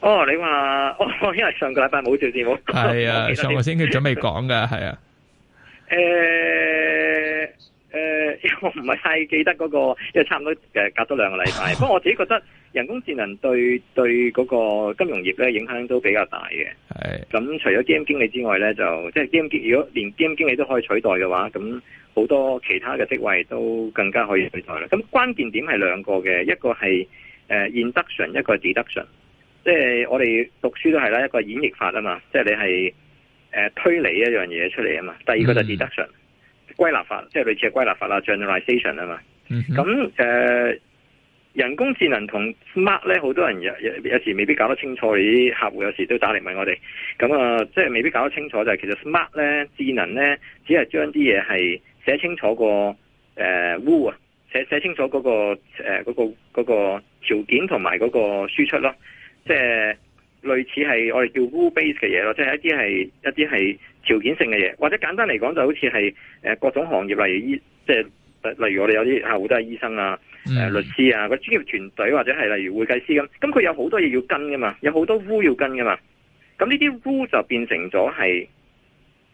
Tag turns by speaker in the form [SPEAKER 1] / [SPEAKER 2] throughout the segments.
[SPEAKER 1] 哦，你話哦，因為上個禮拜冇少事，冇係啊，了上個星期準備
[SPEAKER 2] 講嘅，係 啊。誒、
[SPEAKER 1] 呃、誒、呃，我唔係太記得嗰、那個，因為差唔多誒隔咗兩個禮拜。不過 我自己覺得人工智能對對嗰個金融業咧影響都比較大嘅。係咁、啊，除咗基金經理之外咧，就即係基金經理如果連基金經理都可以取代嘅話，咁好多其他嘅職位都更加可以取代啦。咁關鍵點係兩個嘅，一個係誒 induction，一個係 deduction。即係我哋讀書都係啦一個演繹法啊嘛，即、就、係、是、你係誒、呃、推理一樣嘢出嚟啊嘛。第二個就係 deduction 歸納法，即、就、係、是、類似嘅歸納法啦，generalization 啊嘛。咁誒、mm hmm. 呃、人工智能同 smart 咧，好多人有有時未必搞得清楚。你啲客戶有時都打嚟問我哋，咁、嗯、啊、呃，即係未必搞得清楚就係、是、其實 smart 咧智能咧，只係將啲嘢係寫清楚個誒 w 啊，寫、呃、寫清楚嗰、那個誒嗰、呃那個嗰、那個條、那個、件同埋嗰個輸出咯。即係類似係我哋叫 rule base 嘅嘢咯，即、就、係、是、一啲係一啲係條件性嘅嘢，或者簡單嚟講就好似係誒各種行業例如醫，即係例如我哋有啲好多係醫生啊，誒、mm hmm. 律師啊個專業團隊或者係例如會計師咁，咁佢有好多嘢要跟噶嘛，有好多 rule 要跟噶嘛，咁呢啲 rule 就變成咗係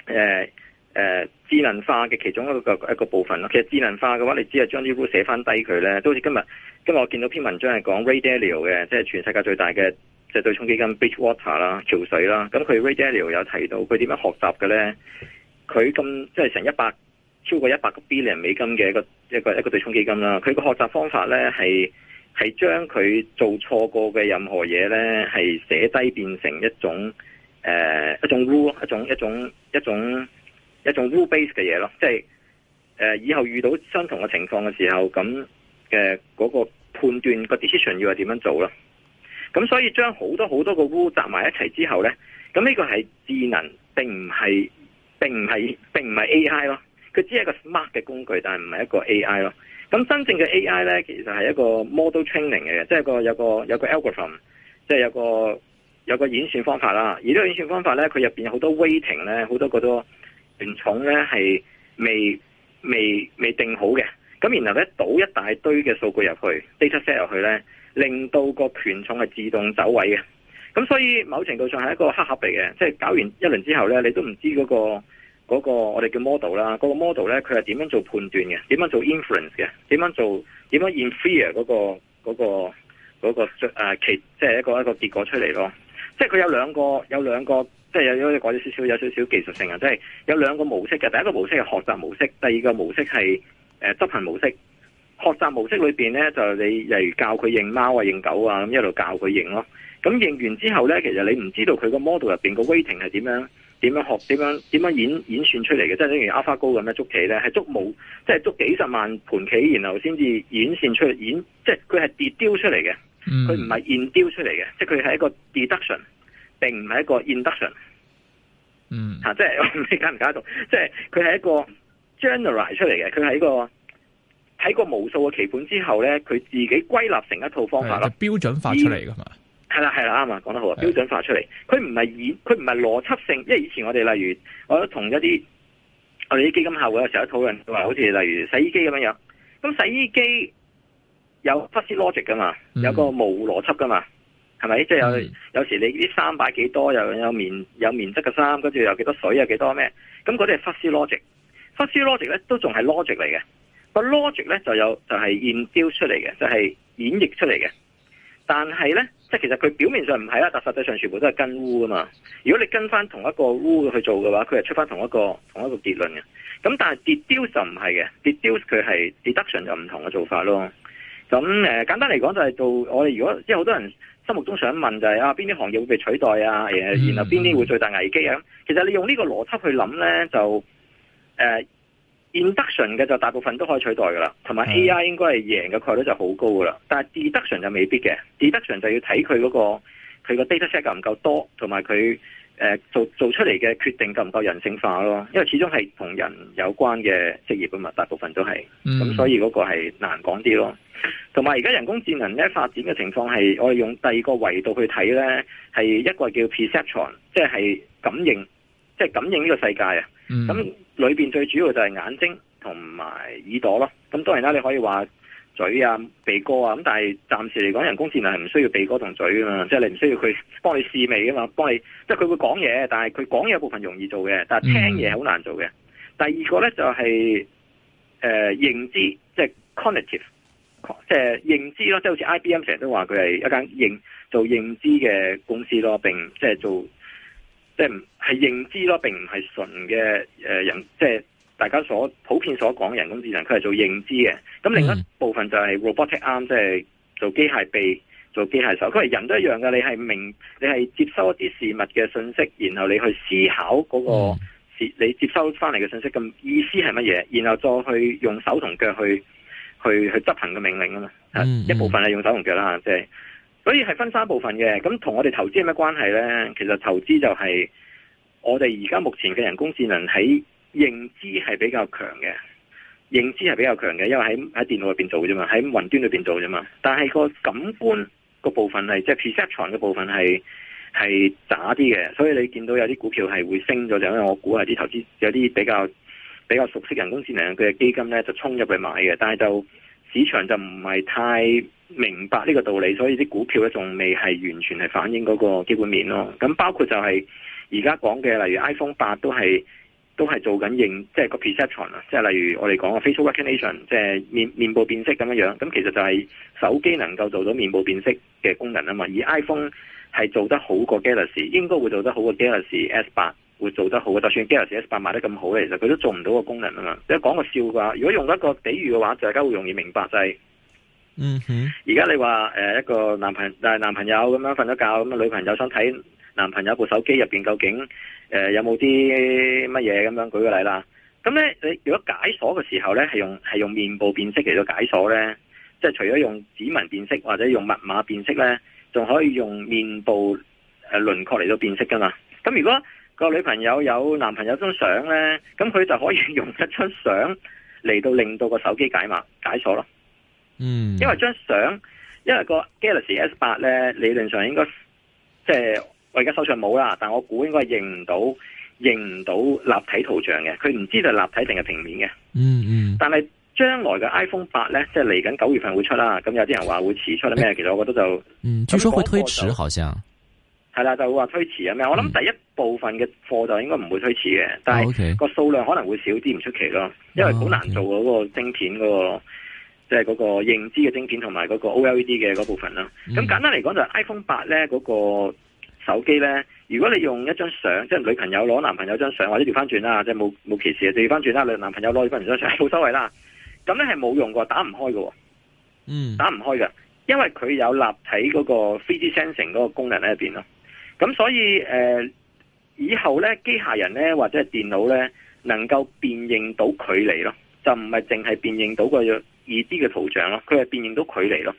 [SPEAKER 1] 誒誒智能化嘅其中一個一個部分咯。其實智能化嘅話，你只係將啲 rule 寫翻低佢咧，都好似今日。咁我見到篇文章係講 Ray Dalio 嘅，即係全世界最大嘅即係對沖基金 Bridgewater 啦、橋水啦。咁佢 Ray Dalio 有提到佢點樣學習嘅咧？佢咁即係成一百超過一百個 billion 美金嘅一個一個一個對沖基金啦。佢個學習方法咧，係係將佢做錯過嘅任何嘢咧，係寫低，變成一種誒一種 rule 一種一種一種一種 rule base 嘅嘢咯。即係誒以後遇到相同嘅情況嘅時候咁。嘅嗰個判斷個 decision 要係點樣做囉。咁所以將好多好多個污集埋一齊之後咧，咁呢個係智能，並唔係並唔係並唔係 AI 咯。佢只係一個 smart 嘅工具，但係唔係一個 AI 咯。咁真正嘅 AI 咧，其實係一個 model training 嚟嘅，即係個有個有個 algorithm，即係有個有個演算方法啦。而呢個演算方法咧，佢入面好多 weighting 咧，好多個都權重咧係未未未定好嘅。咁然後咧，倒一大堆嘅數據入去，data set 入去咧，令到個權重係自動走位嘅。咁所以某程度上係一個黑盒嚟嘅，即係搞完一輪之後咧，你都唔知嗰個嗰個我哋叫 model 啦，嗰個 model 咧，佢係點樣做判斷嘅，點樣做 inference 嘅，點樣做點樣 infer 嗰個嗰個嗰個嗰個啊、其，即係一個一個結果出嚟咯。即係佢有兩個有兩個即係有啲少少有少少技術性嘅，即係有兩個模式嘅。第一個模式係學習模式，第二個模式係。誒，執行模式、學習模式裏邊咧，就你例如教佢認貓啊、認狗啊，咁一路教佢認咯。咁認完之後咧，其實你唔知道佢個 model 入邊個 weighting 係點樣，點樣學，點樣點樣演演算出嚟嘅，即係等如 AlphaGo 咁咧，捉棋咧係捉冇，即係捉幾十萬盤棋，然後先至演算出嚟演，即係佢係 deduction 嚟嘅，佢唔係 induction 出嚟嘅、mm.，即係佢係一個 deduction，並唔係一個 induction。嗯。吓，即係我唔知解唔解到，即係佢係一個。generalize 出嚟嘅，佢喺個睇過無數嘅棋盤之後咧，佢自己歸納成一套方法啦，就是、標準化出嚟噶嘛？係啦係啦，啱啊，講得好啊！標準化出嚟，佢唔係以佢唔係邏輯性，因為以前我哋例如我同一啲我哋啲基金客戶有時候討論，佢話好似例如洗衣機咁樣樣，咁洗衣機有 fuzzy logic 噶嘛？有個無邏輯噶嘛？係咪、嗯？即、就、係、是、有是的 有時你啲衫擺幾多，又有棉有棉質嘅衫，跟住有幾多水有幾多咩？咁嗰啲係 fuzzy logic。分析 logic 咧都仲係 logic 嚟嘅，個 logic 咧就有就係 induce 出嚟嘅，就係、是就是、演繹出嚟嘅。但係咧，即係其實佢表面上唔係啦，但實際上全部都係跟烏啊嘛。如果你跟翻同一個烏去做嘅話，佢係出翻同一個同一個結論嘅。咁但係 deduce 就唔係嘅，deduce 佢係 deduction 就唔同嘅做法咯。咁、嗯、簡單嚟講就係做我哋如果即係好多人心目中想問就係、是、啊邊啲行業會被取代啊，然後邊啲會最大危機啊？咁其實你用呢個邏輯去諗咧就。誒，Induction 嘅就大部分都可以取代噶啦，同埋 AI 應該係贏嘅概率就好高噶啦。Mm. 但係 deduction 就未必嘅，deduction 就要睇佢嗰個佢個 data set 夠唔夠多，同埋佢誒做做出嚟嘅決定夠唔夠人性化咯。因為始終係同人有關嘅職業啊嘛，大部分都係，咁所以嗰個係難講啲咯。同埋而家人工智能咧發展嘅情況係，我哋用第二個維度去睇咧，係一個叫 perception，即係感應，即係感應呢個世界啊，咁、mm.。裏邊最主要就係眼睛同埋耳朵咯，咁、嗯、當然啦，你可以話嘴啊、鼻哥啊，咁但係暫時嚟講，人工智能係唔需要鼻哥同嘴噶嘛，即、就、係、是、你唔需要佢幫你試味噶嘛，幫你即係佢會講嘢，但係佢講嘢有部分容易做嘅，但係聽嘢好難做嘅。Mm hmm. 第二個呢就係、是、誒、呃、認知，即、就、係、是、cognitive，即係認知咯，即、就、係、是、好似 IBM 成日都話佢係一間認做認知嘅公司咯，並即係、就是、做。即係係認知咯，並唔係純嘅誒人，即係大家所普遍所講人工智能，佢係做認知嘅。咁另一部分就係 robotic 啱，即係做機械臂、做機械手。佢係人都一樣嘅，你係明，你係接收一啲事物嘅信息，然後你去思考嗰個、嗯、你接收翻嚟嘅信息咁意思係乜嘢，然後再去用手同腳去去去執行嘅命令啊嘛。嗯嗯一部分係用手同腳啦，即係。所以係分三部分嘅，咁同我哋投資有咩關係呢？其實投資就係我哋而家目前嘅人工智能喺認知係比較強嘅，認知係比較強嘅，因為喺喺電腦入邊做啫嘛，喺雲端裏邊做啫嘛。但係個感官個部分係，即係 perception 嘅部分係係渣啲嘅。所以你見到有啲股票係會升咗，就因為我估下啲投資有啲比較比較熟悉人工智能嘅基金呢，就衝入去買嘅。但係就市場就唔係太。明白呢個道理，所以啲股票咧仲未係完全係反映嗰個基本面咯。咁包括就係而家講嘅，例如 iPhone 八都係都係做緊認，即係個 perception 啊，即係例如我哋講嘅 face recognition，即係面面部辨識咁樣樣。咁其實就係手機能夠做到面部辨識嘅功能啊嘛。而 iPhone 係做得好過 Galaxy，應該會做得好過 Galaxy S 八會做得好。就算 Galaxy S 八賣得咁好咧，其實佢都做唔到個功能啊嘛。一講個笑話，如果用一個比喻嘅話，就大家會容易明白就係。嗯哼，而家你話誒一個男朋但係男朋友咁樣瞓咗覺咁啊，女朋友想睇男朋友部手機入邊究竟誒有冇啲乜嘢咁樣，舉個例啦。咁咧你如果解鎖嘅時候咧係用係用面部辨識嚟到解鎖咧，即係除咗用指紋辨識或者用密碼辨識咧，仲可以用面部誒輪廓嚟到辨識噶嘛。咁如果個女朋友有男朋友張相咧，咁佢就可以用一張相嚟到令到個手機解碼解鎖咯。嗯，因為張相，因為個 Galaxy S 八咧，理論上應該即係我而家手上冇啦，但我估應該認唔到，認唔到立體圖像嘅，佢唔知就立體定係平面嘅，嗯。嗯嗯。但係將來嘅 iPhone 八咧，即係嚟緊九月份會出啦，咁有啲人話會遲出啦咩？欸，其實我覺得就嗯，
[SPEAKER 2] 據說會推遲，好像
[SPEAKER 1] 係啦像，就會話推遲啊咩？嗯，我諗第一部分嘅貨就應該唔會推遲嘅。嗯，但係個數量可能會少啲，唔出奇咯，因為好難做嗰個晶片嗰，那個。嗯 okay 即係嗰個認知嘅晶片，同埋嗰個 O L E D 嘅嗰部分啦。咁簡單嚟講，就係 iPhone 八咧嗰個手機咧。如果你用一張相，即係女朋友攞男朋友張相，或者調翻轉啦，即係冇冇歧視嘅，調翻轉啦，你男朋友攞女朋友張相，冇所謂啦。咁咧係冇用噶，打唔開噶，嗯，打唔開噶，因為佢有立體嗰個 three D sensing 嗰個功能喺入邊咯。咁所以誒、呃，以後咧機械人咧或者係電腦咧，能夠辨認到距離咯，就唔係淨係辨認到個。二 D 嘅圖像咯，佢係辨認到距離咯。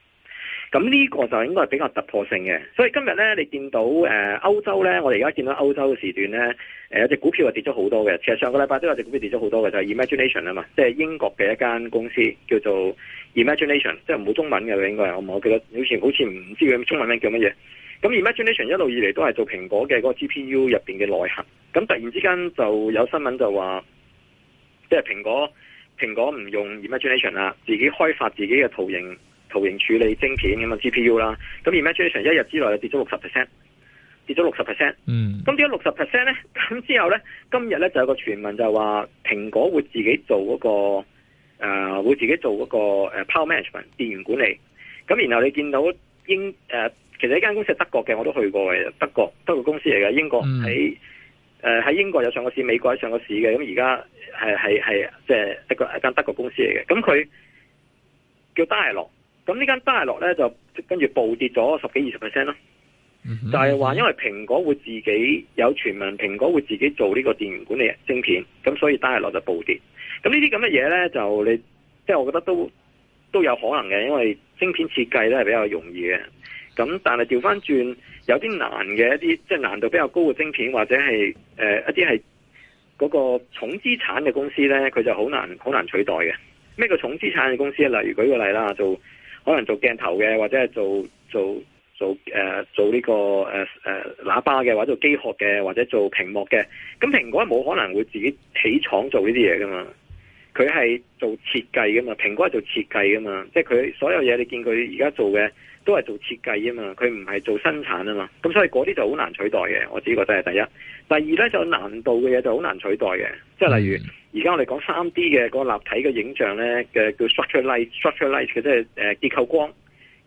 [SPEAKER 1] 咁呢個就應該係比較突破性嘅。所以今日呢，你見到誒、呃、歐洲呢，我哋而家見到歐洲嘅時段呢，誒、呃、有隻股票係跌咗好多嘅。其實上個禮拜都有隻股票跌咗好多嘅，就係、是、Imagination 啊嘛，即係英國嘅一間公司叫做 Imagination，即係冇中文嘅，你應該係我唔記得，好似好似唔知佢中文名叫乜嘢。咁 Imagination 一路以嚟都係做蘋果嘅嗰個 GPU 入邊嘅內核。咁突然之間就有新聞就話，即係蘋果。蘋果唔用 Imagination 啦，自己開發自己嘅圖形圖形處理晶片咁啊，GPU 啦。咁 Imagination 一日之內就跌咗六十 percent，跌咗六十 percent。嗯。咁跌咗六十 percent 咧，咁之後咧，今日咧就有個傳聞就話蘋果會自己做嗰、嗰個誒、呃，會自己做嗰個誒 power management 電源管理。咁然後你見到英誒、呃，其實呢間公司係德國嘅，我都去過嘅，德國德國公司嚟嘅，英國喺。嗯誒，喺、呃、英國有上過市，美國有上過市嘅，咁而、就是、家係係係即係一個一間德國公司嚟嘅，咁佢叫 Dialog，咁呢間 Dialog 咧就跟住暴跌咗十幾二十 percent 咯，嗯、哼就係話因為蘋果會自己有傳聞，蘋果會自己做呢個電源管理晶片，咁所以 Dialog 就暴跌，咁呢啲咁嘅嘢咧就你即係、就是、我覺得都都有可能嘅，因為晶片設計咧係比較容易嘅，咁但係調返轉。有啲難嘅一啲，即係難度比較高嘅晶片，或者係誒、呃、一啲係嗰個重資產嘅公司呢，佢就好難好難取代嘅。咩叫重資產嘅公司咧？例如舉個例啦，做可能做鏡頭嘅，或者係做做做誒、呃、做呢、這個誒、呃呃、喇叭嘅，或者做機殼嘅，或者做屏幕嘅。咁蘋果冇可能會自己起廠做呢啲嘢噶嘛？佢係做設計噶嘛？蘋果係做設計噶嘛？即係佢所有嘢，你見佢而家做嘅。都係做設計啊嘛，佢唔係做生產啊嘛，咁所以嗰啲就好難取代嘅。我自己覺得係第一。第二呢，就難度嘅嘢就好難取代嘅，即係例如而家我哋講三 D 嘅嗰個立體嘅影像呢，嘅叫 structure light，structure light 嘅即係誒結構光、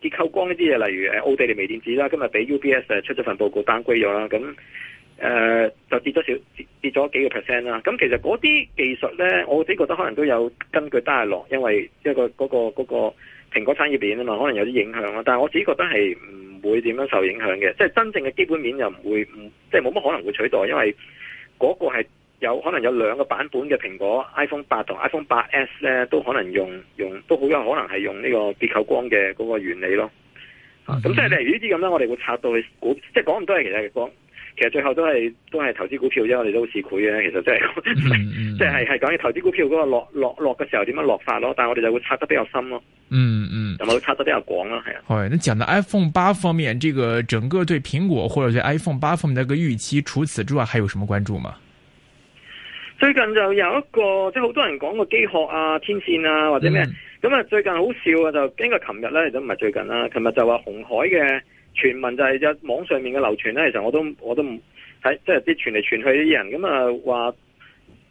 [SPEAKER 1] 結構光呢啲嘢，例如誒奧地利微電子啦，今日畀 UBS 出咗份報告 downgrade 咗啦，咁誒就跌咗少跌咗幾個 percent 啦。咁其實嗰啲技術呢，我自己覺得可能都有根據 down 落，因為一個嗰個嗰個。那個那個蘋果產業鏈啊嘛，可能有啲影響咯，但係我自己覺得係唔會點樣受影響嘅，即係真正嘅基本面又唔會，即係冇乜可能會取代，因為嗰個係有可能有兩個版本嘅蘋果 iPhone 八同 iPhone 八 S 咧，都可能用用都好有可能係用呢個結構光嘅嗰個原理咯。咁、啊、即係、啊、例如呢啲咁啦，我哋會拆到去估，即係講咁多係其他嘅光。其實最後都係都係投資股票，啫。我哋都好市儈嘅，其實即係即係係講起投資股票嗰個落落落嘅時候點樣落法咯，但係我哋就會擦得比較深咯。嗯嗯，有冇擦得比較廣咯？係啊。
[SPEAKER 2] 好，那講到 iPhone 八方面，呢、這個整個對蘋果或者對 iPhone 八方面嘅個預期，除此之外還有什麼關注嗎？
[SPEAKER 1] 最近就有一個，即係好多人講個機殼啊、天線啊或者咩，咁啊、嗯、最近好笑啊，就經過琴日咧都唔係最近啦，琴日就話紅海嘅。傳聞就係有網上面嘅流傳咧，其實我都我都唔睇，即係啲傳嚟傳去啲人咁啊話，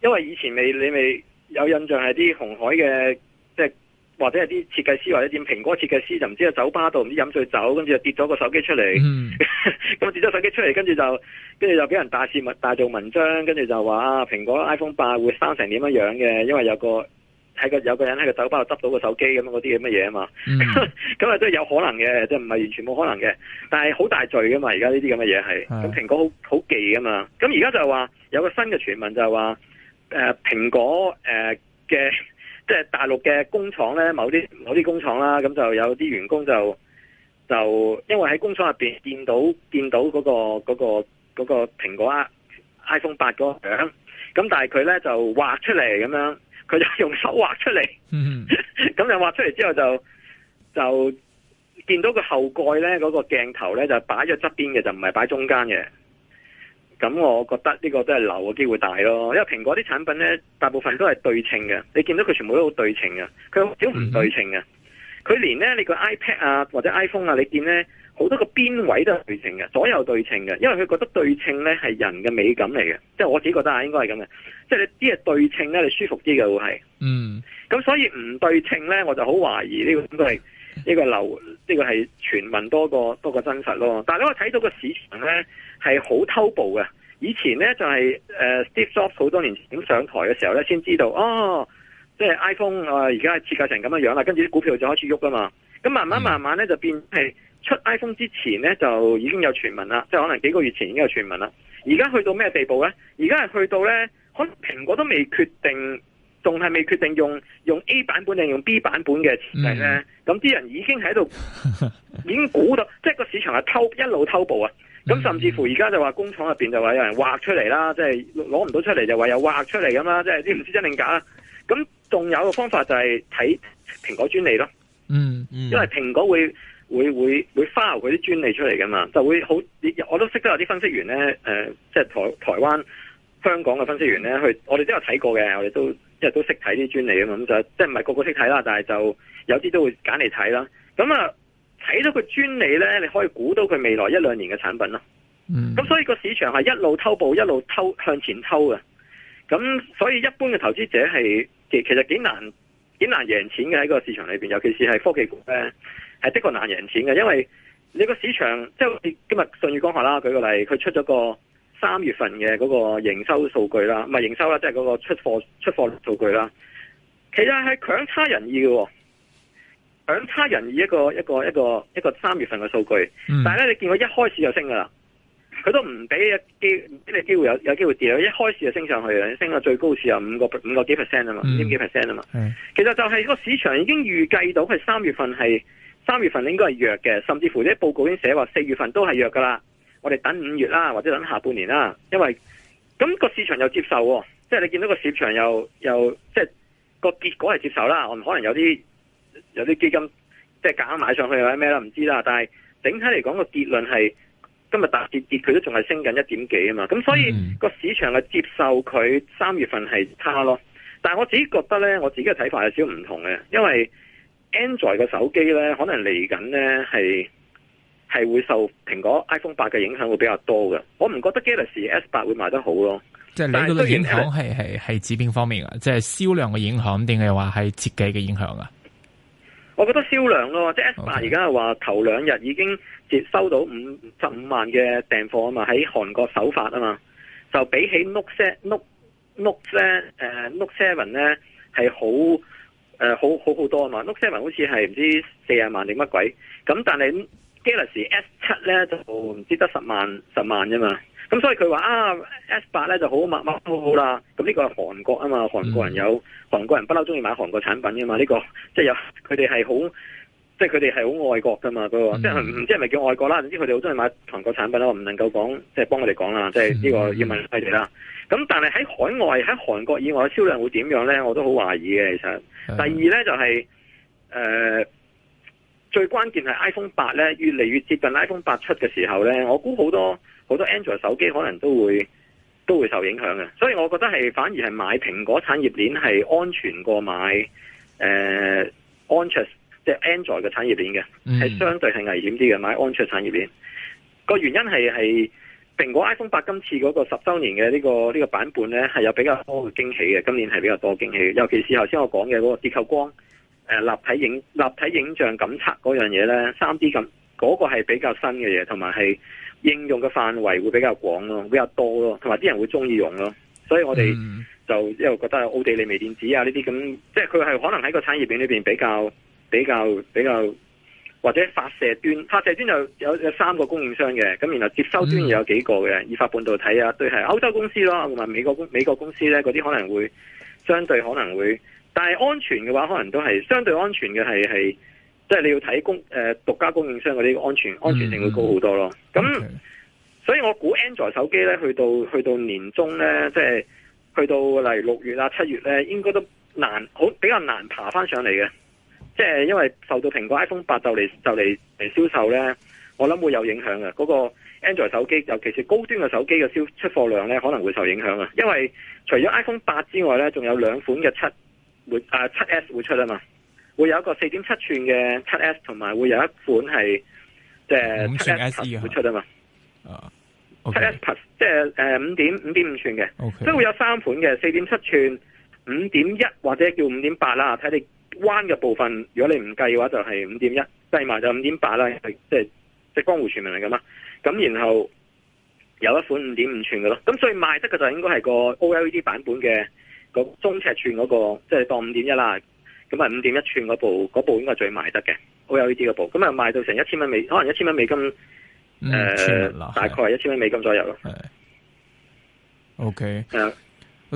[SPEAKER 1] 因為以前你你未有印象係啲紅海嘅，即係或者係啲設計師或者啲蘋果設計師就唔知喺酒吧度唔知飲醉酒，跟住就跌咗個手機出嚟。嗯，咁跌咗手機出嚟，跟住就跟住就俾人大事物大做文章，跟住就話啊蘋果 iPhone 8會生成點樣樣嘅，因為有個。喺個有個人喺個酒吧度執到個手機咁樣嗰啲嘅乜嘢啊嘛，咁啊都係有可能嘅，即係唔係完全冇可能嘅，但係好大罪噶嘛。而家呢啲咁嘅嘢係，咁是的 蘋果好好忌噶嘛。咁而家就係話有個新嘅傳聞就係話，誒、呃、蘋果誒嘅即係大陸嘅工廠咧，某啲某啲工廠啦，咁就有啲員工就就因為喺工廠入邊見到見到嗰、那個嗰、那個嗰、那個蘋果 iPhone 八嗰個樣，咁但係佢咧就畫出嚟咁樣。佢就用手畫出嚟，咁、嗯、哼 就畫出嚟之後就就見到後蓋呢、嗰個後蓋咧，嗰個鏡頭咧就擺咗側邊嘅，就唔係擺中間嘅。咁我覺得呢個都係流嘅機會大咯，因為蘋果啲產品咧大部分都係對稱嘅，你見到佢全部都好對稱嘅，佢好少唔對稱嘅。佢、嗯、哼連咧你個 iPad 啊或者 iPhone 啊，你見咧。好多個邊位都係對稱嘅，左右對稱嘅，因為佢覺得對稱呢係人嘅美感嚟嘅，即係我自己覺得啊，應該係咁嘅，即係啲嘢對稱呢，你舒服啲嘅會係，
[SPEAKER 3] 嗯，
[SPEAKER 1] 咁所以唔對稱呢，我就好懷疑呢個係呢個流，呢個係傳聞多過多過真實咯。但係我睇到個市場呢係好偷步嘅，以前呢就係 Steve Jobs 好多年前咁上台嘅時候呢，先知道哦，即係 iPhone 啊，而家設計成咁嘅樣啦，跟住啲股票就開始喐啊嘛，咁慢慢慢慢呢，就變出 iPhone 之前咧，就已經有傳聞啦，即係可能幾個月前已經有傳聞啦。而家去到咩地步咧？而家係去到咧，可能蘋果都未決定，仲係未決定用用 A 版本定用 B 版本嘅設計咧。咁啲、嗯、人已經喺度，已經估到， 即係個市場係偷一路偷步啊。咁甚至乎而家就話工廠入邊就話有人畫出嚟啦，即係攞唔到出嚟就話、就是、有畫出嚟咁啦，即係唔知真定假啦。咁仲有個方法就係睇蘋果專利咯。嗯，
[SPEAKER 3] 嗯，因為
[SPEAKER 1] 蘋果會。會會會 file 佢啲專利出嚟噶嘛，就會好，我都識得有啲分析員呢，誒、呃，即係台台灣、香港嘅分析員呢。去我哋都有睇過嘅，我哋都即係都識睇啲專利啊嘛，咁就即係唔係個個識睇啦，但係就有啲都會揀嚟睇啦。咁啊，睇到佢專利呢，你可以估到佢未來一兩年嘅產品咯。咁、嗯、所以個市場係一路偷步，一路偷向前偷嘅。咁所以一般嘅投資者係其實幾難幾難贏錢嘅喺個市場裏邊，尤其是係科技股呢係的確難贏錢嘅，因為你個市場即係今日信譽講話啦，舉個例，佢出咗個三月份嘅嗰個營收數據啦，唔係營收啦，即係嗰個出貨出貨數據啦。其實係強差人意嘅，強差人意一個一個一個一個三月份嘅數據。嗯、但係咧，你見佢一開始就升噶啦，佢都唔俾一機唔俾你機會有有機會跌啊！佢一開始就升上去，升到最高時有五個五個幾 percent 啊嘛，五點幾 percent 啊嘛。嗯、其實就係個市場已經預計到佢三月份係。三月份應該係弱嘅，甚至乎啲報告已經寫話四月份都係弱噶啦。我哋等五月啦，或者等下半年啦，因為咁、那個市場又接受喎、喔，即係你見到個市場又又即係個結果係接受啦。我唔可能有啲有啲基金即係夾硬買上去或者咩啦，唔知啦。但係整體嚟講個結論係今日大跌跌，佢都仲係升緊一點幾啊嘛。咁所以個、嗯、市場係接受佢三月份係差咯。但係我自己覺得呢，我自己嘅睇法有少唔同嘅，因為。Android 嘅手機咧，可能嚟緊咧係係會受蘋果 iPhone 八嘅影響會比較多嘅。我唔覺得 Galaxy S 八會賣得好咯。
[SPEAKER 2] 即係是你覺得影響係係係指邊方面啊？即係銷量嘅影響，定係話係設計嘅影響啊？
[SPEAKER 1] 我覺得銷量咯，即係 S 八而家係話頭兩日已經接收到五十五萬嘅訂貨啊嘛，喺韓國首發啊嘛，就比起 Note 7, Note Note 7誒 Note 7咧係好。誒、呃啊啊，好好好多啊嘛 Note 7好似係唔知四十萬定乜鬼，咁但係 Galaxy S 七咧就唔知得十萬十萬啫嘛，咁所以佢話啊 S 八咧就好麻麻好好啦，咁呢個係韓國啊嘛，韓國人有韓國人不嬲中意買韓國產品嘅嘛，呢、這個即係、就是、有佢哋係好，即係佢哋係好愛國噶嘛，嗰個即係唔知係咪叫愛國啦，總之佢哋好中意買韓國產品啦，我唔能夠講即係幫佢哋講啦，即係呢個要問佢哋啦。咁、嗯、但係喺海外喺韓國以外嘅銷量會點樣呢？我都好懷疑嘅。其實，的第二呢，就係、是、誒、呃、最關鍵係 iPhone 八呢越嚟越接近 iPhone 八出嘅時候呢，我估好多好多 Android 手機可能都會都會受影響嘅。所以我覺得係反而係買蘋果產業鏈係安全過買誒、呃、安卓即係 Android 嘅產業鏈嘅，係、嗯、相對係危險啲嘅買安卓產業鏈。個原因係係。蘋果 iPhone 八今次嗰個十周年嘅呢、呢個呢、呢個版本呢，係有比較多嘅驚喜嘅。今年係比較多驚喜的，尤其是頭先我講嘅嗰個結構光、呃、立體影立體影像感測嗰樣嘢呢，三 D 感嗰、嗰個係比較新嘅嘢，同埋係應用嘅範圍會比較廣咯、啊，比較多咯、啊，同埋啲人會中意用咯、啊。所以我哋就因為覺得奧地利微電子啊呢啲咁，即係佢係可能喺個產業鏈裏面裏邊比較比較比較。比較比較，或者發射端，發射端就有有三個供應商嘅，咁然後接收端又有幾個嘅，嗯、意法半導體啊，對，係歐洲公司咯，同埋美國公美國公司咧，嗰啲可能會相對可能會，但係安全嘅話，可能都係相對安全嘅係係，即係、就是、你要睇供誒獨家供應商嗰啲安全安全性會高好多咯。咁所以我估 Android 手機咧，去到去到年中咧，即、就、係、是、去到例如六月啦、啊、七月咧，應該都難好比較難爬翻上嚟嘅。即係因為受到蘋果 iPhone 八，就嚟就嚟嚟銷售咧，我諗會有影響嘅。嗰、那個 Android 手機，尤其是高端嘅手機嘅銷出貨量咧，可能會受影響啊。因為除咗 iPhone 八之外咧，仲有兩款嘅七，會啊七 S 會出啊嘛，會有一個四點七寸嘅七 S，同埋會有一款係即係七 S 會出啊嘛。
[SPEAKER 3] 啊、嗯，
[SPEAKER 1] 七、嗯嗯嗯嗯，S Plus，即係誒五點五點五寸嘅，即係、嗯嗯、會有三款嘅，四點七寸、五點一或者叫五點八啦，睇你。彎嘅部分，如果你唔計嘅話就係五點一，計埋就五點八啦。即係即係江湖傳聞嚟噶嘛。咁然後有一款五點五寸嘅咯。咁最賣得嘅就應該係個 OLED 版本嘅個中尺寸嗰個，即係當五點一啦。咁啊五點一寸嗰部，嗰部應該最賣得嘅 OLED 嗰部。咁啊賣到成一千蚊美，可能一千蚊美金
[SPEAKER 2] 誒，
[SPEAKER 1] 大概一千蚊美金左右咯。
[SPEAKER 2] Okay、嗯。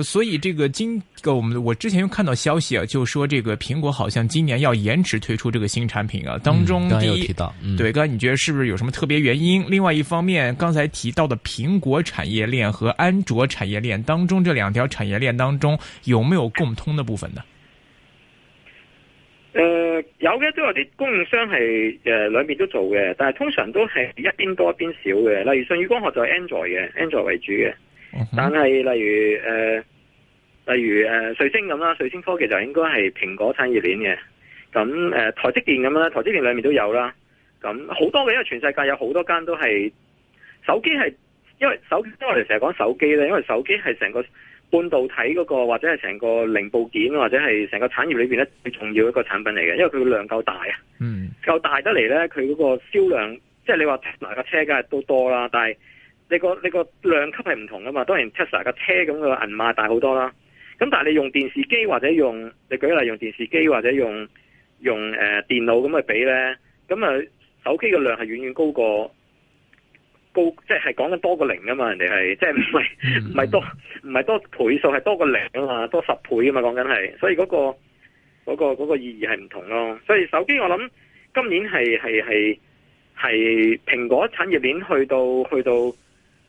[SPEAKER 2] 所以這個今個我們我之前又看到消息啊，就說這個蘋果好像今年要延遲推出這個新產品啊。當中第、嗯、有提到，嗯、對你覺得是不是有什麼特別原因？另外一方面，剛才提到的蘋果產業鏈和安卓產業鏈當中，這兩條產業鏈當中有沒有共通的部分呢？呃，
[SPEAKER 1] 有嘅，都有啲供應商係、呃、兩邊都做嘅，但係通常都係一邊多一邊少嘅。例如舜宇光學就係 Android 嘅，Android 為主嘅。但係、呃，例如誒，例如誒，瑞星咁啦，瑞星科技就應該係蘋果產業鏈嘅。咁誒、呃，台積電咁啦，台積電裏面都有啦。咁好多嘅，因為全世界有好多間都係手機係，因為手機因為我哋成日講手機咧，因為手機係成個半導體嗰、那個或者係成個零部件或者係成個產業裏邊咧最重要的一個產品嚟嘅，因為佢個量夠大啊，夠、嗯、大得嚟咧，佢嗰個銷量，即係你話買架車梗係都多啦，但係。你個你個量級係唔同噶嘛？當然 Tesla 個車咁嘅銀碼大好多啦。咁但係你用電視機或者用，你舉例用電視機或者用用誒、呃、電腦咁去比咧，咁、嗯、啊手機嘅量係遠遠高過高，即係講緊多過零㗎嘛？人哋係即係唔係唔係多唔係、嗯、多倍數，係多過零啊嘛，多十倍啊嘛，講緊係，所以嗰個嗰個嗰個意義係唔同咯。所以手機我諗今年係係係係蘋果產業鏈去到去到。去到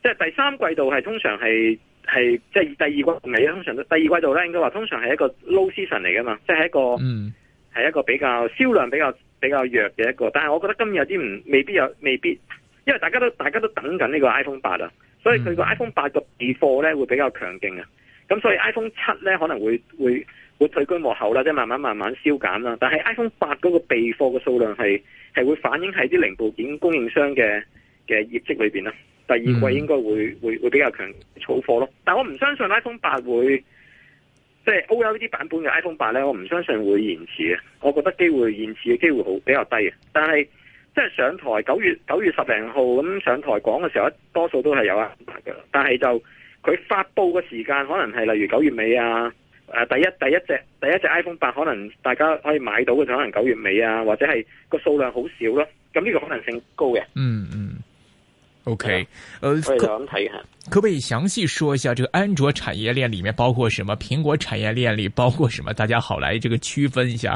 [SPEAKER 1] 即係第三季度係通常係係即係第二季唔係，通常都第二季度咧，應該話通常係一個 low season 嚟噶嘛，即係一個係、嗯、一個比較銷量比較比較弱嘅一個。但係我覺得今日有啲唔未必有未必，因為大家都大家都等緊呢個 iPhone 八啊，所以佢個 iPhone 八個備貨咧會比較強勁啊。咁、嗯、所以 iPhone 七咧可能會會會退居幕後啦，即係慢慢慢慢消減啦。但係 iPhone 八嗰個備貨嘅數量係係會反映喺啲零部件供應商嘅嘅業績裏邊啦。第二季應該會、嗯、會，會比較強儲貨咯，但係我唔相信 iPhone 八會即係、就是、OLED 版本嘅 iPhone 八呢，我唔相信會延遲嘅。我覺得機會延遲嘅機會好比較低嘅。但係即係上台九月九月十零號咁上台講嘅時候，多數都係有顏色嘅。但係就佢發布嘅時間，可能係例如九月尾啊，誒第一第一隻第一隻 iPhone 八可能大家可以買到嘅，就可能九月尾啊，或者係個數量好少咯。咁呢個可能性高嘅、嗯。嗯
[SPEAKER 2] 嗯。O K，誒，
[SPEAKER 1] 咁睇下，
[SPEAKER 2] 可唔可以詳細說一下？這個安卓產業鏈裏面包括什麼？蘋果產業鏈裏包括什麼？大家好來，這個區分一下。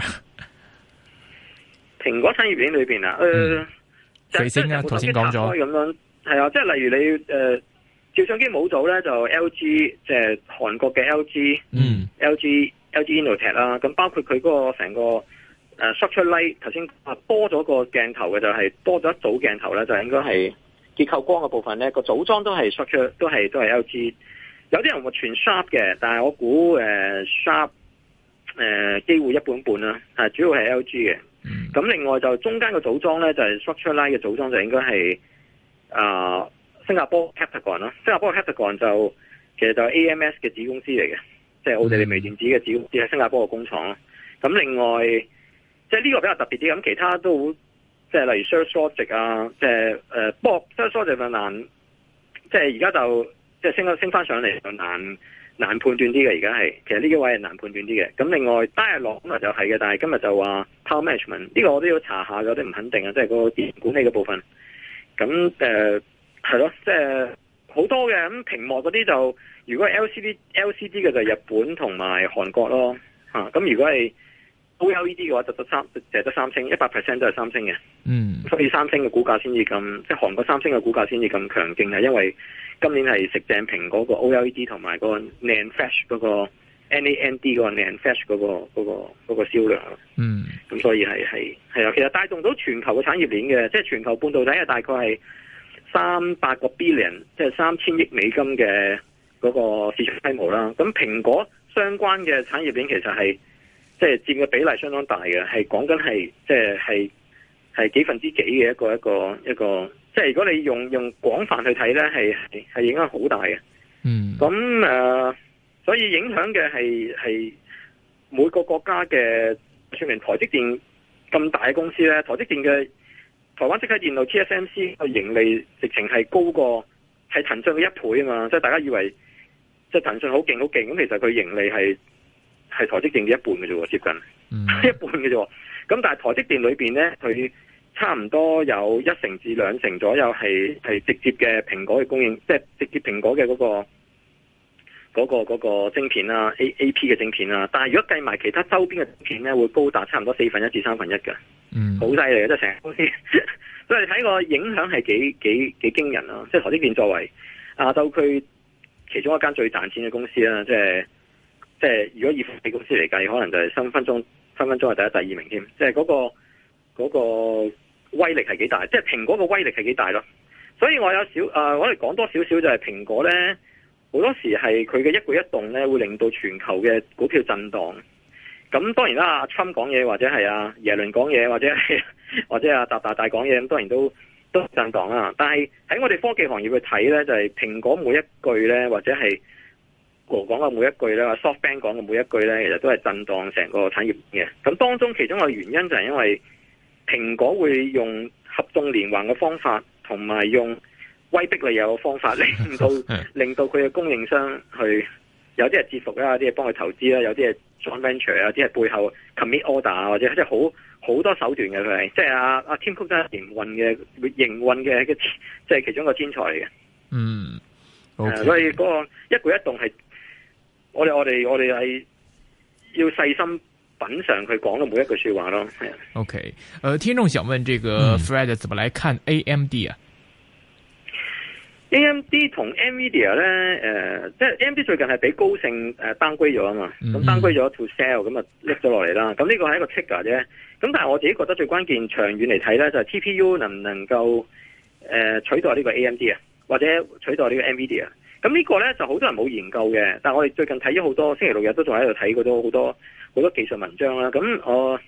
[SPEAKER 1] 蘋果產業鏈裏邊啊，誒、呃，頭、嗯呃、先啊，頭先講咗咁樣，係啊，即係例如你誒、呃，照相機模組咧就 L G，即係韓國嘅 L G，嗯，L G L G Innotek 啦，咁、no 啊、包括佢嗰個成個誒 structure light，頭先啊，多咗個鏡頭嘅就係多咗一組鏡頭咧，就應該係。嗯.結構光嘅部分咧，個組裝都係 structure 都係都係 LG。有啲人會全 sharp 嘅，但係我估誒、呃、sharp 誒、呃、機會一半半啦。啊，主要係 LG 嘅。咁另外就中間嘅組裝咧，就係、是、structure line 嘅組裝就應該係啊新加坡 c a p a t o n e 新加坡 c a p a t o n 就其實就 AMS 嘅子公司嚟嘅，即係澳地利微電子嘅子公司喺新加坡嘅工廠咯。咁另外即係呢個比較特別啲，咁其他都。即係例如 search shortage 啊，即係誒，不過 search shortage 就難，即係而家就即係升翻升翻上嚟就難難判斷啲嘅，而家係其實呢幾位係難判斷啲嘅。咁另外低日落咁啊，就係嘅，但係今日就話 power management 呢個我都要查下，有啲唔肯定啊，即係個電源管理嘅部分。咁誒係咯，即係好多嘅。咁屏幕嗰啲就如果 LCD LCD 嘅就日本同埋韓國咯，吓，咁如果係 O L E D 嘅話就得三淨得三星一百 percent 都係三星嘅，
[SPEAKER 3] 嗯，
[SPEAKER 1] 所以三星嘅股價先至咁，即係韓國三星嘅股價先至咁強勁啊！因為今年係食正蘋果個 O L E D 同埋個 NAND Flash 嗰個 NAND 嗰個 NAND Flash 嗰個、嗰個、嗰個、嗰個嗰個銷量嗯，咁所以係係係啊，其實帶動到全球嘅產業鏈嘅，即係全球半導體啊，大概係三百個 billion，即係三千億美金嘅嗰個市場規模啦。咁蘋果相關嘅產業鏈其實係。即係佔嘅比例相當大嘅，係講緊係即係係幾分之幾嘅一個一個一個，一個即係如果你用用廣泛去睇咧，係係係影響好大嘅。嗯那，咁、呃、誒，所以影響嘅係係每個國家嘅，雖然台積電咁大嘅公司咧，台積電嘅台灣積體電路 TSMC 嘅盈利直情係高過係騰訊嘅一倍啊嘛，即係大家以為即係騰訊好勁好勁，咁其實佢盈利係。係台積電嘅一半嘅啫喎，接近、mm hmm. 一半嘅啫喎。咁但係台積電裏邊咧，佢差唔多有一成至兩成左右係係直接嘅蘋果嘅供應，即、就、係、是、直接蘋果嘅嗰、那個、那個、那個晶片啦 A A P 嘅晶片啊。但係如果計埋其他周邊嘅晶片咧，會高達差唔多四分一至三分一嘅，嗯、mm，好犀利嘅，即係成日。 所以你睇個影響係幾幾幾驚人咯，即、就、係、是、台積電作為亞洲區其中一間最賺錢嘅公司啦，即係。即係如果以科技公司嚟計，可能就係分分鐘分分鐘係第一第二名添，即係嗰個嗰個威力係幾大，即係蘋果個威力係幾大咯。所以我有少、呃、我哋講多少少就係蘋果咧，好多時係佢嘅一舉一動咧，會令到全球嘅股票震盪。咁當然啦，阿春講嘢或者係阿耶倫講嘢或者係或者阿達達大講嘢咁，當然都都震盪啦。但係喺我哋科技行業去睇咧，就係蘋果每一句咧或者係。我講嘅每一句咧，SoftBank 講嘅每一句咧，其實都係震盪成個產業鏈嘅。咁當中其中個原因就係因為蘋果會用合縱連橫嘅方法，同埋用威逼利誘嘅方法，令到令到佢嘅供應商去有啲係折服啦，有啲係幫佢投資啦，有啲係 joint venture 啊，有啲係背後 commit order 啊，或者即係好好多手段嘅佢係，即係阿阿天酷真係營運嘅營運嘅一個即係其中一個天才嚟嘅。啊、嗯、啊、
[SPEAKER 2] okay. 所以
[SPEAKER 1] 嗰個一舉一動係。我哋我哋我哋係要細心品嘗佢講嘅每一句說話咯。係。
[SPEAKER 2] O K，誒，聽眾想問這個 Fred，、嗯、怎麼來看 A M D 啊
[SPEAKER 1] ？A M D 同 NVIDIA 咧，誒、呃，即係 A M D 最近係畀高盛誒、呃、單歸咗啊嘛，咁、嗯嗯、單歸咗 to sell，咁啊拎咗落嚟啦。咁呢個係一個 trigger 啫。咁但係我自己覺得最關鍵、長遠嚟睇咧，就係、是、T P U 能唔能夠誒、呃、取代呢個 A M D 啊，或者取代呢個 NVIDIA。咁呢個咧就好多人冇研究嘅，但係我哋最近睇咗好多星期六日都仲喺度睇過多好多好多技術文章啦。咁我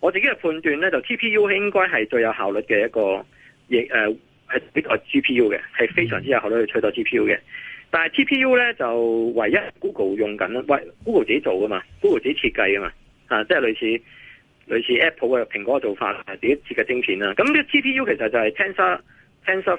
[SPEAKER 1] 我自己嘅判斷咧就 T P U 應該係最有效率嘅一個，亦誒係比較 G P U 嘅，係非常之有效率去取代 G P U 嘅。但係 T P U 咧就唯一 Google 用緊啦，喂 Google 自己做噶嘛，Google 自己設計噶嘛，啊、即係類似類似 Apple 嘅蘋果嘅做法，自己設計晶片啦。咁呢 T P U 其實就係 Tensor Tensor。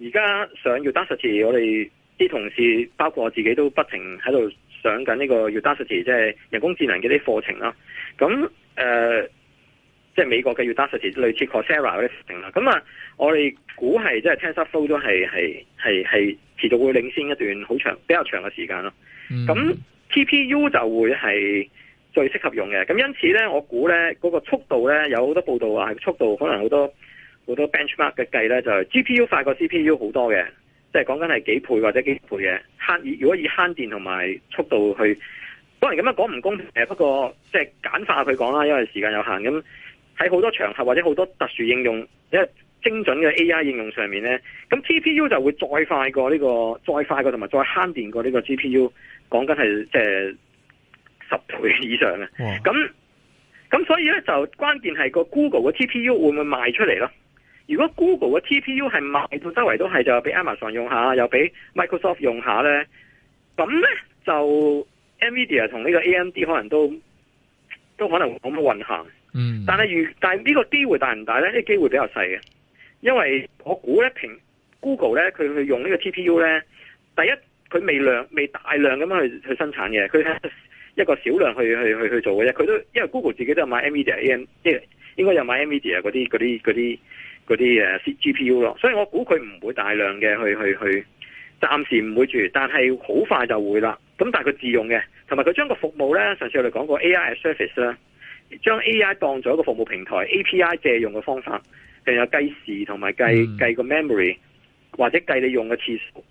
[SPEAKER 1] 而家上 Udacity，我哋啲同事包括我自己都不停喺度上緊呢個 Udacity，即係人工智能嘅啲課程啦。咁誒，即、呃即係、美國嘅 Udacity 類似 Coursera 嗰啲課程啦。咁我哋估係即係 TensorFlow 都係係係係持續會領先一段好長比較長嘅時間咯。咁 TPU 就會係最適合用嘅。咁因此呢，我估呢嗰、嗰個速度呢，有好多報道話係速度可能好多。好多 benchmark 嘅計咧，就係 G P U 快過 C P U 好多嘅，即係講緊係幾倍或者幾倍嘅。如果以慳電同埋速度去，當然咁樣講唔公平。誒，不過即係簡化佢講啦，因為時間有限。咁喺好多場合或者好多特殊應用，即係精準嘅 A I 應用上面咧，咁 T P U 就會再快過呢個，再快過同埋再慳電過呢個 G P U，講緊係即係十倍以上嘅。咁咁哇所以咧就關鍵係個 Google 嘅 T P U 會唔會賣出嚟咯？如果 Google 嘅 TPU 係賣到周圍都係，就俾 Amazon 用下，又俾 Microsoft 用下咧，咁咧就 NVIDIA 同呢個 AMD 可能都都可能冇乜運行。嗯。但係如但係呢個機會大唔大咧？呢啲機會比較細嘅，因為我估咧平 Google 咧佢去用這個呢個 TPU 咧，第一佢未量未大量咁樣去去生產嘅，佢係一個少量去去去去做嘅啫。佢都因為 Google 自己都買 NVIDIA、AM 即係應該有買 NVIDIA 啲啲嗰啲。嗰啲嗰啲嗰啲誒 C G P U 咯，所以我估佢唔會大量嘅去去去，暫時唔會住，但係好快就會啦。咁但係佢自用嘅，同埋佢將個服務呢，上次我哋講過 A I service 啦，將 A I 當做一個服務平台 A P I 借用嘅方法，譬如有計時同埋計計個 memory 或者計你用嘅次數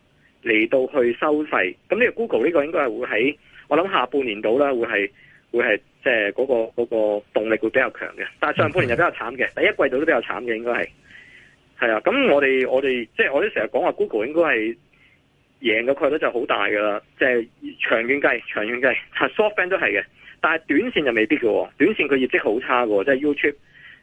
[SPEAKER 1] 嚟到去收費。咁呢個 Google 呢個應該係會喺我諗下半年度啦，會係會係即係嗰個嗰個動力會比較強嘅。但係上半年就比較慘嘅，第一季度都比較慘嘅應該係。係啊，咁我哋我哋即係我哋成日講話 Google 應該係贏嘅概率就好大噶啦，即係、就是、長遠計長遠計，查 softbank 都係嘅，但係短線就未必嘅。短線佢業績好差嘅，即係 YouTube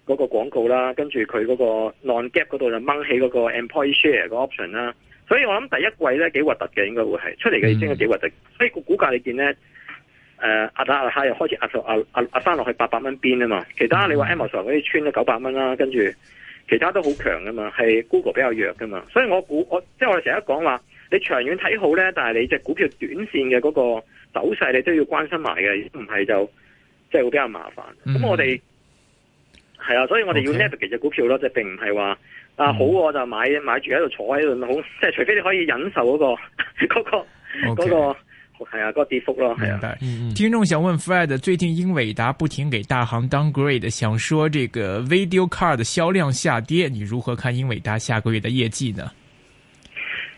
[SPEAKER 1] 嗰個廣告啦，跟住佢嗰個 non gap 嗰度，就掹起嗰個 employee share 個 option 啦。所以我諗第一季咧幾核突嘅，應該會係出嚟嘅業績都幾核突。所以個股價你見咧，誒、呃、壓下壓下又開始壓落壓壓翻落去八百蚊邊啊嘛。其他你話 Amazon 可以穿到九百蚊啦，跟住。其他都好強噶嘛，係 Google 比較弱噶嘛，所以我估我即係我哋成日講話，你長遠睇好咧，但係你隻股票短線嘅嗰個走勢你都要關心埋嘅，唔係就即係會比較麻煩。咁、mm hmm. 我哋係啊，所以我哋要 navigate 隻股票咯，Okay. 即係並唔係話啊，好我就買買住喺度坐喺度好，即係除非你可以忍受嗰個嗰個嗰個。個跌幅咯，係
[SPEAKER 2] 啊。聽眾想問 Fred，最近英偉達不停給大行 downgrade，想說這個 video card 銷量下跌，你如何看英偉達下個月的業績呢？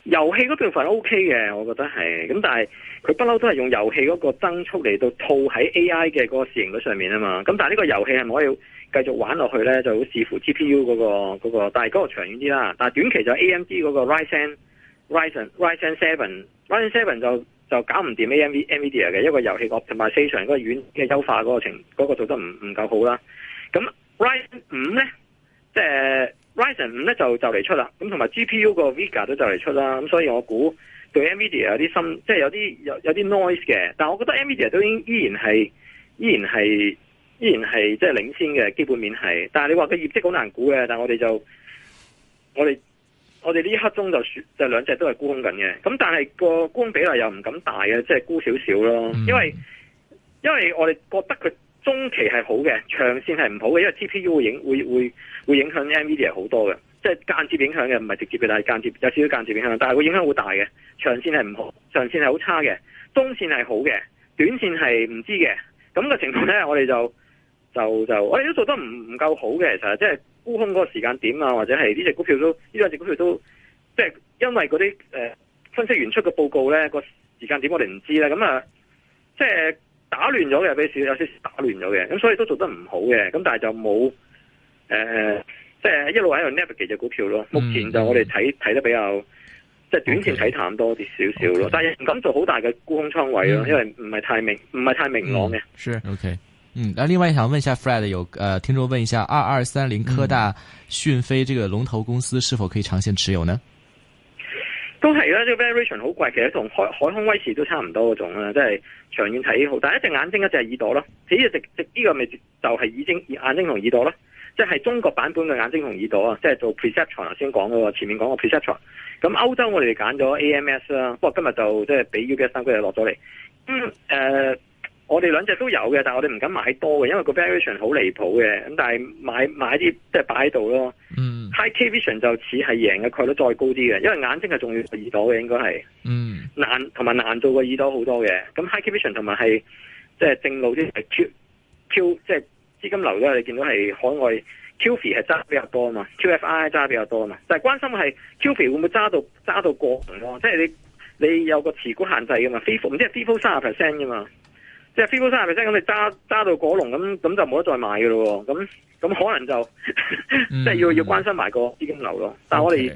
[SPEAKER 1] 遊戲嗰部分 O K 嘅，我覺得係咁，但係佢不嬲都係用遊戲嗰個增速嚟到套喺 A I 嘅嗰個市型上面啊嘛。咁但係呢個遊戲係咪可以繼續玩落去咧，就好視乎 G P U 嗰、嗰個、嗰個，但係嗰個長遠啲啦。但係短期就 A M D 嗰個 Ryzen Ryzen Ryzen Seven Ryzen Seven 就。就搞唔掂 AMD、NVIDIA 嘅一個遊戲同埋非常 a t 個軟嘅優化嗰個程嗰個做得唔唔夠好啦。咁 Ryzen 五咧，即係 Ryzen 五咧就就嚟出啦。咁同埋 GPU 個 Vega 都就嚟出啦。咁所以我估對 NVIDIA 有啲心，即係有啲有有啲 noise 嘅。但我覺得 NVIDIA 都依依然係依然係依然係即係領先嘅，基本面係。但係你話佢業績好難估嘅。但我哋就我哋。我哋呢一刻鐘就就兩隻都係沽空緊嘅，咁但係個沽空比例又唔敢大嘅，即係沽少少咯，因為因為我哋覺得佢中期係好嘅，長線係唔好嘅，因為 TPU 會影會會會影響 NVIDIA 好多嘅，即係間接影響嘅，唔係直接嘅，但係間接有少少間接影響，但係會影響好大嘅，長線係唔好，長線係好差嘅，中線係好嘅，短線係唔知嘅，咁嘅情況咧，我哋就。就就我哋都做得唔唔夠好嘅，其實即係沽空嗰個時間點啊，或者係呢隻股票都呢兩隻股票都即係，就是，因為嗰啲誒分析員出嘅報告咧個時間點我哋唔知啦，咁、嗯、啊即係，就是，打亂咗嘅，有少有少少打亂咗嘅，咁所以都做得唔好嘅，咁但係就冇誒、呃嗯、即係一路喺度 navigate 幾隻股票咯。目前就我哋睇睇得比較即係短線睇淡多啲少少咯，okay, okay, 但係唔敢做好大嘅沽空倉位咯，嗯、因為唔係太明唔係，嗯、太明朗嘅。嗯、
[SPEAKER 2] sure, OK。嗯，那另外想問一下 Fred，有誒、呃、聽眾問一下，二二三零科大訊飛這個龍頭公司是否可以長線持有呢？嗯、
[SPEAKER 1] 都係啦，呢個 variation 好貴，其實同海海康威視都差唔多嗰種啦，即係長遠睇好。但係一隻眼睛一隻耳朵咯，呢隻、這個咪、這個、就係眼睛眼睛同耳朵咯，即係中國版本嘅眼睛同耳朵啊，即係做 perception 頭先講嘅喎，前面講個 perception。咁歐洲我哋揀咗 AMS 啦，不過今日就即係俾 UBS 三股又落咗嚟。誒、呃。我哋兩隻都有嘅，但係我哋唔敢買多嘅，因為個 valuation 好離譜嘅。咁但係買買啲即係擺喺度咯。嗯、Hikvision 就似係贏嘅概率再高啲嘅，因為眼睛係重要過耳朵嘅，應該係、嗯、難同埋難做過耳朵好多嘅。咁 Hikvision 同埋係即係正路啲 q q 即係資金流啦。你見到係海外 QFI 係揸得比較多啊嘛，QFI 揸得比較多啊嘛。但係關心係 QFI 會唔會揸到揸到過紅咯？即係你你有個持股限制㗎嘛 f i f 唔知 fifo 三十 percent 嘅嘛。即係飛哥山係咪先咁？你揸揸到果龍咁咁就冇得再買嘅咯，咁咁可能就 即係要要關心埋個資金流咯。嗯、但係我哋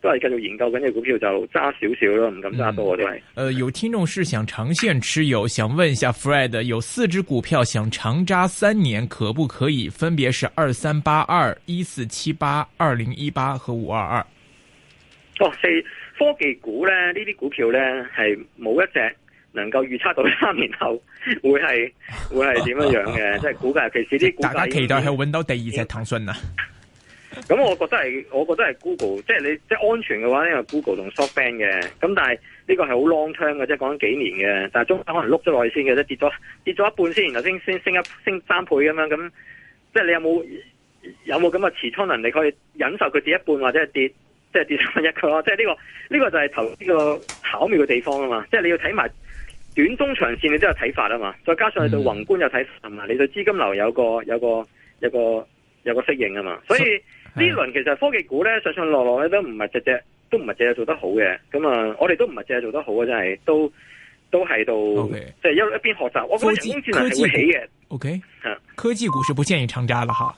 [SPEAKER 1] 都係繼續研究緊嘅股票就揸少少咯，唔敢揸多啲。
[SPEAKER 2] 誒、嗯是呃，有聽眾是想長線持有，想問一下 Fred，有四隻股票想長揸三年，可不可以？分別是二三八二、一四七八、二零一八和五二二。
[SPEAKER 1] 哦，四科技股咧，呢啲股票咧係冇一隻。能夠預測到三年後會係、oh，會係點樣樣嘅，即係估計。其實啲大家期待去搵到第二
[SPEAKER 2] 隻騰訊啊。
[SPEAKER 1] 咁、嗯嗯、我覺得係，我，我覺得係 Google，即係你即係、就是、安全嘅話，因為 Google 同 SoftBank 嘅。咁、嗯、但係呢個係好 long term 嘅，即係講緊幾年嘅。但係中間可能碌咗耐先嘅，即係跌咗跌咗一半先，然後先先升一升三倍咁樣。咁即係你有冇有冇咁嘅持倉能力可以忍受佢跌一半或者係跌，即係跌翻一個咯。即係、這、呢個呢、這個就係投呢個巧妙嘅地方啊嘛。即係你要睇埋。短中長線你都有睇法啊嘛，再加上你對宏觀有睇法，嗯，你對資金流有個有個有個有個適應啊嘛，所以呢輪其實科技股咧上上落落咧都唔係只只都唔係只只做得好嘅。咁啊我哋都唔係只隻做得好啊真係，都都係度即係一一邊學習。我覺得人工智能係會起嘅。科技科
[SPEAKER 2] 技股，OK，科技股是不建議長揸嘅。哈。